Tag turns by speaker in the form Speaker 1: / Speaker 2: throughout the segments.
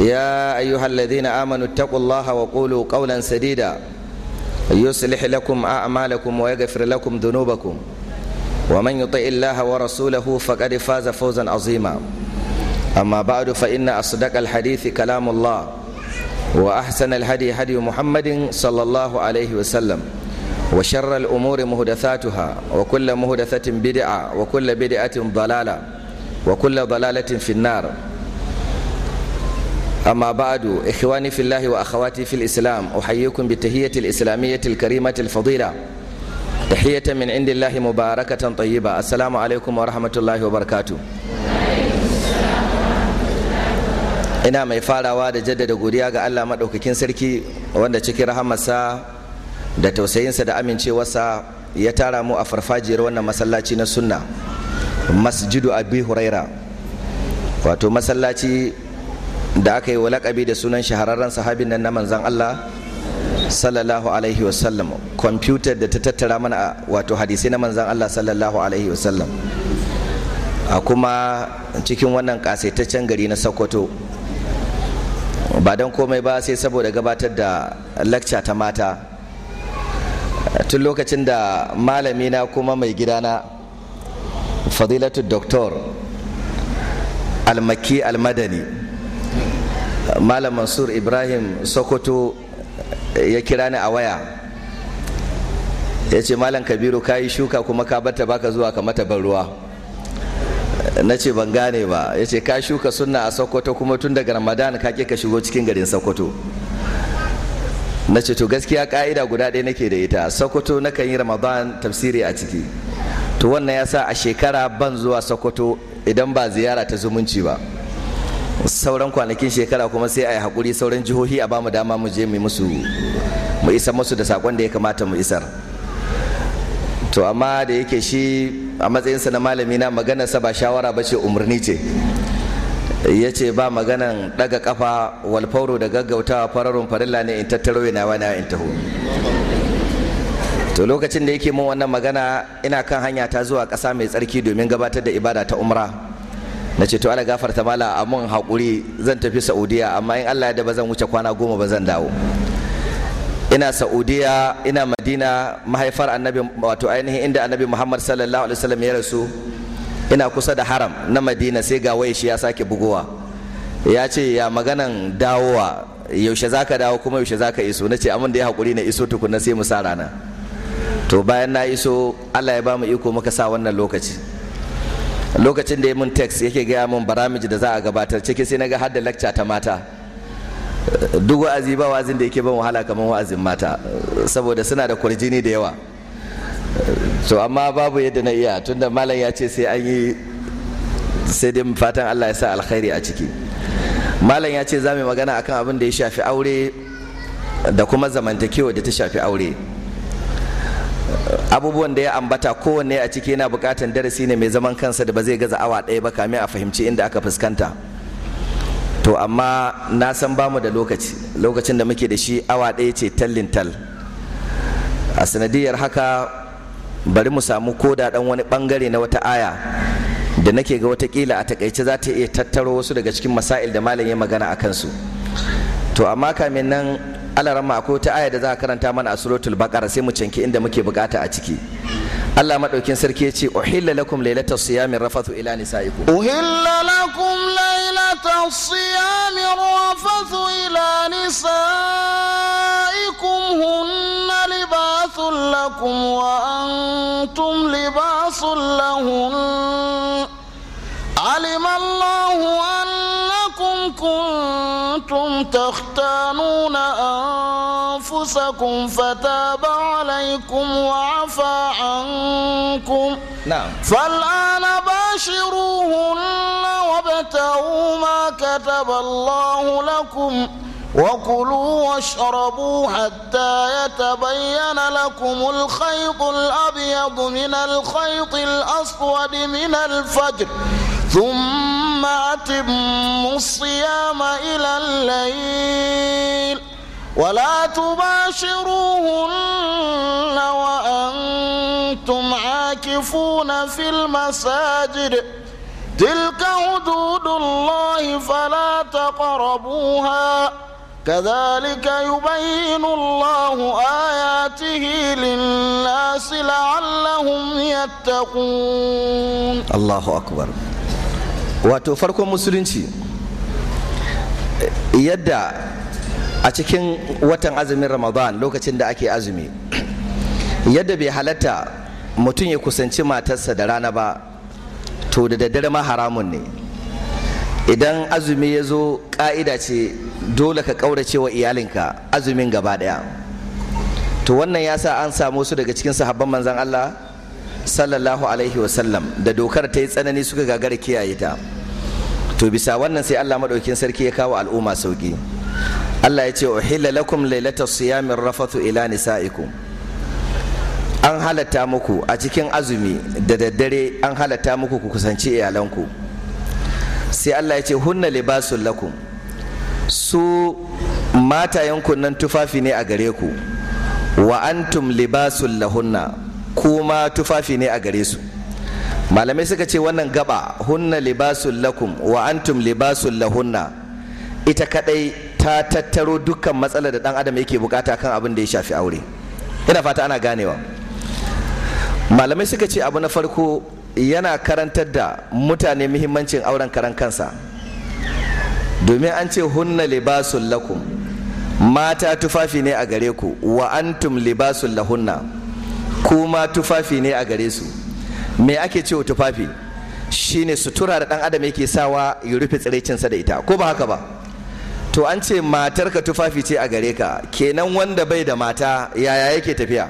Speaker 1: يا أيها الذين آمنوا اتقوا الله وقولوا قولا سديدا يصلح لكم أعمالكم ويغفر لكم ذنوبكم ومن يطع الله ورسوله فقد فاز فوزا عظيما أما بعد فإن أصدق الحديث كلام الله وأحسن الهدي هدي محمد صلى الله عليه وسلم وشر الأمور مهدثاتها وكل مهدثة بدعة وكل بدعة ضلالة وكل ضلالة في النار أما بعد إخواني في الله وأخواتي في الإسلام أحييكم بتهية الإسلامية الكريمة الفضيلة تحية من عند الله مباركة طيبة السلام عليكم ورحمة الله وبركاته ina mai farawa da jaddada godiya ga Allah maɗaukakin sarki wanda cikin rahamarsa da tausayinsa da amincewarsa ya tara mu a farfajiyar wannan masallaci na sunna masjidu abi huraira wato masallaci da aka yi walakabi da sunan shahararren sahabin nan na manzan Allah sallallahu alaihi wasallam kwamfutar da ta tattara mana wato hadisai na manzan Allah sallallahu alaihi wasallam a kuma cikin wannan kasaitaccen gari na Sokoto ba don komai ba sai saboda gabatar da lakca ta mata tun lokacin da malami na kuma mai gidana fadilatu doktor almaki almadani malam mansur ibrahim sokoto ya kira ni a waya ya ce malam kabiru ka yi shuka kuma ka bata baka zuwa ka mata ban ruwa na ce ban gane ba ya ce ka shuka sunna a sokoto kuma tun daga ramadan ka ka shigo cikin garin sokoto na ce to gaskiya ka'ida guda ɗaya nake da ita sokoto na kan yi ramadan tafsiri a ciki to wannan ya sa a shekara ban zuwa sokoto idan ba ziyara ta zumunci ba sauran kwanakin shekara kuma sai a yi hakuri sauran jihohi a bamu dama mu je mu musu mu isar musu da sakon da ya kamata mu isar to amma da yake shi a matsayinsa na malami na maganarsa ba shawara ba ce umarni ce ya ce ba maganan daga kafa walfauro da gaggautawa fararun farilla ne in tattaro yana wani in taho to lokacin da yake mun wannan magana ina kan hanya ta zuwa kasa mai tsarki domin gabatar da ibada ta umra na ce to ala gafarta mala mun haƙuri zan tafi saudiya amma in allah da ba zan wuce kwana goma ba zan dawo ina saudiya ina madina mahaifar annabi wato ainihin inda annabi muhammad sallallahu alaihi wasallam ya rasu ina kusa da haram na madina sai ga waye shi ya sake bugowa ya ce ya maganan dawowa yaushe zaka dawo kuma yaushe zaka iso na ce amin da ya haƙuri na iso tukuna sai mu sa rana to bayan na iso allah ya ba mu iko muka sa wannan lokaci lokacin da ya mun text yake gaya mun baramiji da za a gabatar ciki sai na ga har da lecture ta mata duk wa'azi ba wa'azin da yake ban wahala kamar wa'azin mata saboda suna da kurjini da yawa to amma babu yadda na iya tunda malam ya ce sai an yi sai dai fatan Allah ya sa alkhairi a ciki malam ya ce za mu magana akan abin da ya shafi aure da kuma zamantakewa da ta shafi aure abubuwan da ya ambata kowanne a ciki yana bukatan darasi ne mai zaman kansa da ba zai gaza awa ɗaya ba kamin a fahimci inda aka fuskanta to amma na san bamu da lokaci lokacin da muke da shi awa ɗaya ce tallin tal a sanadiyar haka bari mu samu koda ɗan wani ɓangare na wata aya da nake ga wata watakila a takaice za ta iya tattaro wasu daga cikin masail da malam ya magana a kansu to amma kamin nan Allah ramma ko ta aya da za a karanta mana a suratul baqara sai mu canke inda muke bukata a ciki Allah madaukin sarki ya ce uhilla lakum lailatas siyami rafathu ila nisaikum uhilla
Speaker 2: lakum lailatas siyami rafathu ila nisaikum hunna libasul lakum wa antum libasul lahunna تختانون أنفسكم فتاب عليكم وعفى عنكم نعم فالآن باشروهن وابتغوا ما كتب الله لكم وكلوا واشربوا حتى يتبين لكم الخيط الأبيض من الخيط الأسود من الفجر ثم أتم أتموا الصيام إلى الليل ولا تباشروهن وأنتم عاكفون في المساجد تلك حدود الله فلا تقربوها كذلك يبين الله آياته للناس لعلهم يتقون
Speaker 1: الله أكبر wato farkon musulunci yadda a cikin watan azumin ramadan lokacin da ake azumi yadda bai halatta mutum ya kusanci matarsa da rana ba to da daddare ma haramun ne idan azumi ya zo ka'ida ce dole ka ƙaurace wa iyalinka azumin gaba daya to wannan ya sa an samu su daga cikin sahabban manzan allah sallallahu alaihi wasallam da dokar ta yi tsanani suka gagara kiyaye ta to bisa wannan sai Allah madaukin sarki ya kawo al'umma sauki Allah ya ce uhilla lakum lailata siyamin rafathu ila nisaikum an halatta muku a cikin azumi da daddare an halatta muku ku kusanci iyalanku sai Allah ya ce hunna libasul lakum su matayen nan tufafi ne a gare ku wa antum libasul lahunna kuma tufafi ne a gare su malamai suka ce wannan gaba hunna libasul lakum wa antum libasul lahunna ita kadai ta tattaro dukkan matsalar da dan adam yake bukata kan abin da ya shafi aure ina fata ana ganewa malamai suka ce abu na farko yana karantar da mutane muhimmancin auren karan kansa domin an ce hunna libasul lakum mata tufafi ne a gare ku wa antum libasul lahunna kuma tufafi ne a gare su me ake cewa tufafi shine sutura da ɗan adam yake sawa ya rufe tsiraicinsa da ita ko ba haka ba to an ce matarka tufafi ce a gare ka kenan wanda bai da mata yaya yake tafiya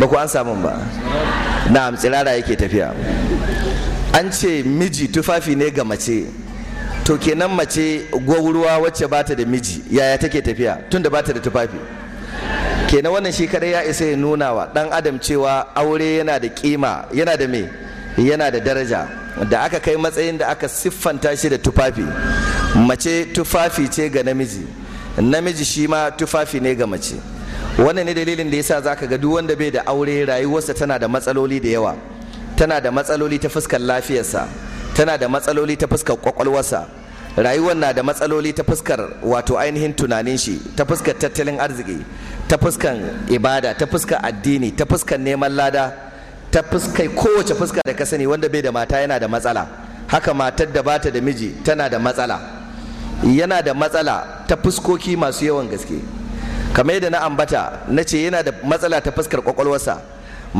Speaker 1: ba ku an samun ba na'am tsirara yake tafiya an ce miji tufafi ne ga mace to kenan mace gwauruwa wacce bata da miji yaya take tafiya tunda bata da tufafi kenan wannan shi kadai ya isa ya nuna wa ɗan adam cewa aure yana da kima yana da me yana da daraja da aka kai matsayin da aka siffanta shi da tufafi mace tufafi ce ga namiji namiji shi ma tufafi ne ga mace wannan ne dalilin da yasa zaka ga duk wanda bai da aure rayuwarsa tana da matsaloli da yawa tana da matsaloli ta fuskar lafiyarsa tana da matsaloli ta fuskar kwakwalwarsa rayuwar na da matsaloli ta fuskar wato ainihin tunanin shi ta fuskar tattalin arziki ta fuskan ibada ta fuskan addini ta fuskan neman lada ta fuskai kowace fuska da ka sani wanda bai da mata yana da matsala haka matar da bata da miji tana da matsala yana da matsala ta fuskoki masu yawan gaske kamar yadda na ambata na ce yana da matsala ta fuskar kwakwalwarsa